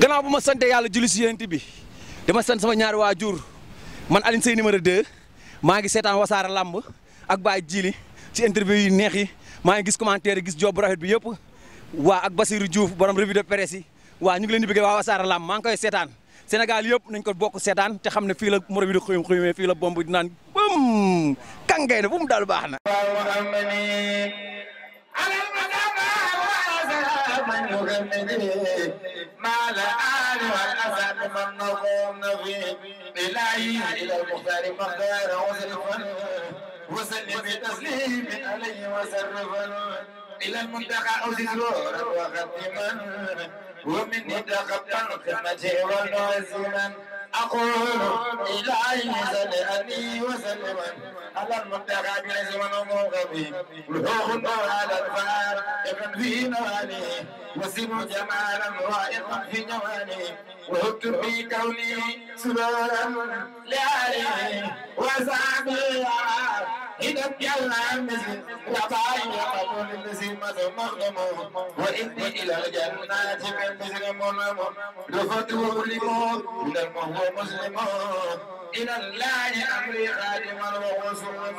gannaaw bu ma sante yàlla julli si yéent bi dama sant sama ñaari waajur man Alioune Seye numéro 2 maa ngi seetaan wasaara lamb ak Baye Djili ci interview yi neex yi maa ngi gis commentaire gis job bu rafet bi yëpp waa ak Basirou Diouf borom revue de presse waa ñu ngi leen bi bëgg waa wasaara lamb maa ngi koy seetaan Sénégal yëpp nañ ko bokk seetaan te xam ne fii la moro bi di xuyum xuyumee fii la bomb di naan bum kàngay na bu mu daal baax na. بعد آل والأسد من نظن فيه إلهي إلى المختار مختار وزلفا وسلم بتسليم عليه وسرفا إلى المنتقى أوزي زورا وختما ومني تقبل خدمته ونعزما أقول إلهي صل أبي وسلم على المنتقى بلزمن وموقفي لحوق النور على الفار ابن في نواني وسيب جمالا رائقا في جواني وهبت في كوني سرورا لعلي وسعدي إذا يلا مزن رباي يقول مزيمة مغنم وإني إلى الجنة من مزن منم لفتو لموت من المهو مسلم إلى الله أمري خادما وهو سلم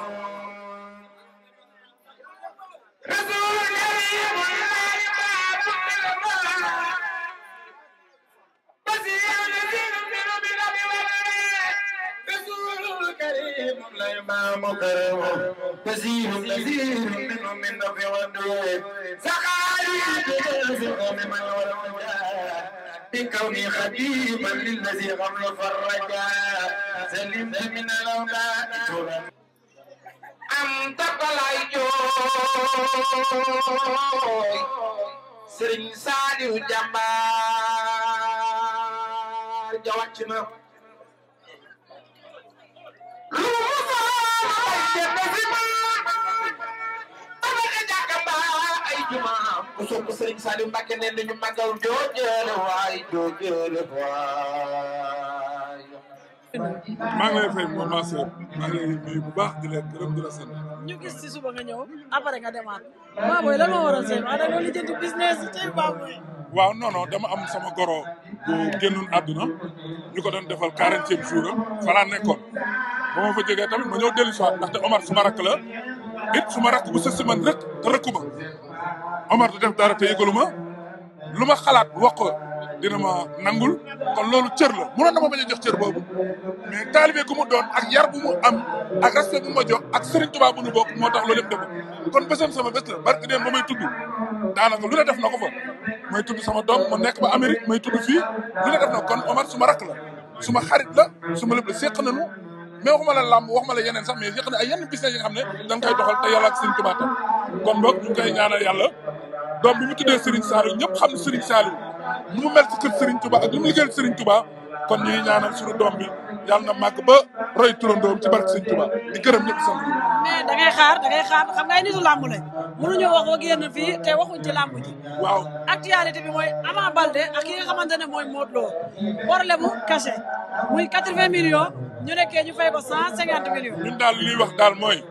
رسول الله الإمام كريم وزير نزير منه من نفي والدويب سخالي بجلسه من والوجاه بكوني خديما للذي قبل فرجا سلمت من الأولاد أنت بلايوي سرين سالي جمال جواتنا jumaa ku sopp Sëriñ Saliou Mbacké ne maa ngi lay fay moom maa sœur maa ngi lay nuyu bu baax di la gërëm di la gis si suba nga ñëw après nga demaat waaw booy lan moo seen waa da nga lijjanti business tey baax waaw non dama am sama goro bu génnoon àdduna ñu ko doon defal quarantième jour am fa laa nekkoon ba ma fa jógee tamit ma ñëw dellu si waat Omar suma rakk it su ma rakk bu sës si man rek rëkku ma Omar du def dara te yëgalu ma lu ma xalaat wax ko dina ma nangul kon loolu cër la mënoon a ma bañ a jox cër boobu mais taalibe gu mu doon ak yar bu mu am ak respect bu ma ak Serigne Touba nu bokk moo tax loolu yëpp def kon bésam sama bés la barke deen ba may tudd daanaka lu ne def na ko fa may sama doom mu nekk ba Amérique may tudd fii lu ne def na kon Omar suma rakk la suma xarit la suma lépp la séq mais waxuma la làmb waxuma la yeneen sax mais yëq na ay yenn business yi nga xam ne dañ koy doxal te yàlla ak Serigne Touba kon boog ñu ngi koy ñaanal yàlla mu tuddee Serigne Saliou ñëpp xam ne Serigne Saliou nu mu mel ci kër Serigne Touba ak nu mu liggéeyal Serigne Touba kon ñuy ñaanal suñu doom bi yàlla na màgg ba roy turandoom ci barke Serigne Touba di gërëm ñëpp sant mais da ngay xaar da ngay xaar xam nga ay nitu làmb lañ mënuñoo wax ak yéen fii te waxuñ ci làmb ji waaw actualité bi mooy ne mooy Modou Lo problème mu caché muy 80 ñu nekkee ñu fay ko cent ñun daal li ñuy wax daal mooy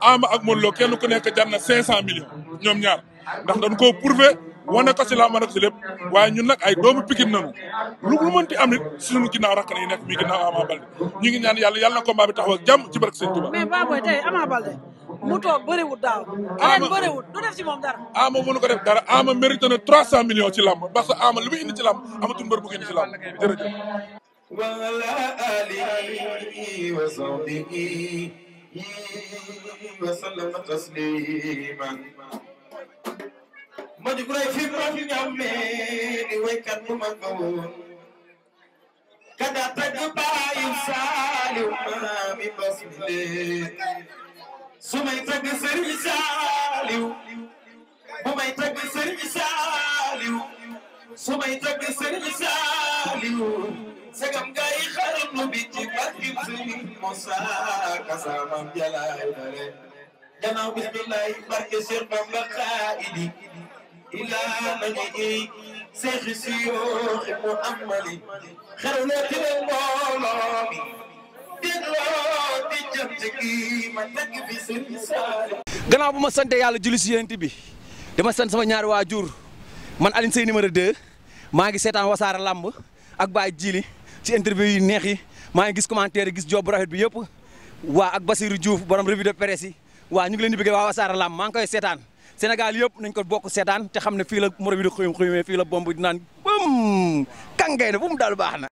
Ama ak Modou Lo kenn ku nekk jar na cinq cent millions ñoom ñaar ndax dañ koo prouver wane ko si laa mën a ko si lépp waaye ñun nag ay doomu Pikine nañu lu lu mënti am nit suñu ginnaaw rakk yi nekk mii ginnaaw Ama Balde ñu ngi ñaan yàlla yàlla na combat bi taxaw ak jàmm ci barke Sëñ Tuubaa. mais Baboye tey Ama Balde mu toog bëriwul daaw. Ama ren bëriwul def ci moom dara. Ama mënu ko ci làmb parce que Ama li وعلى آله وصحبه وسلم تسليما ma di guray fi ma fi ñamme di waykat bu mag ba woon kada tagg baayu saaliw maami bas bi leen su may tagg sëriñ saaliw bu may tagg sëriñ saaliw su may tagg sëriñ saaliw saaliwu segam gay xaram bi ci barki sëriñ Musaa kasamam jalaay bare gannaaw bismillahi mu amali xeram loo tiwee mbooloo mi dégloo di jant ma nekk fi sëriñ bu ma sante yàlla julli si yéent bi dama sant sama ñaari waajur man Alioune Seye numéro 2 maa ngi seetaan wasaare làmb ak baay jili ci interview yi neex yi maa ngi gis commentaire gis job bu rafet bi yëpp waa ak Basirou Diouf borom revue de presse waa ñu ngi leen di bëgg waa wasaare làmb maa ngi koy seetaan Sénégal yëpp nañ ko bokk seetaan te xam ne fii la moro bi di xuyum xuyumee fii la bomb di naan bam kàngay na bu mu daal baax na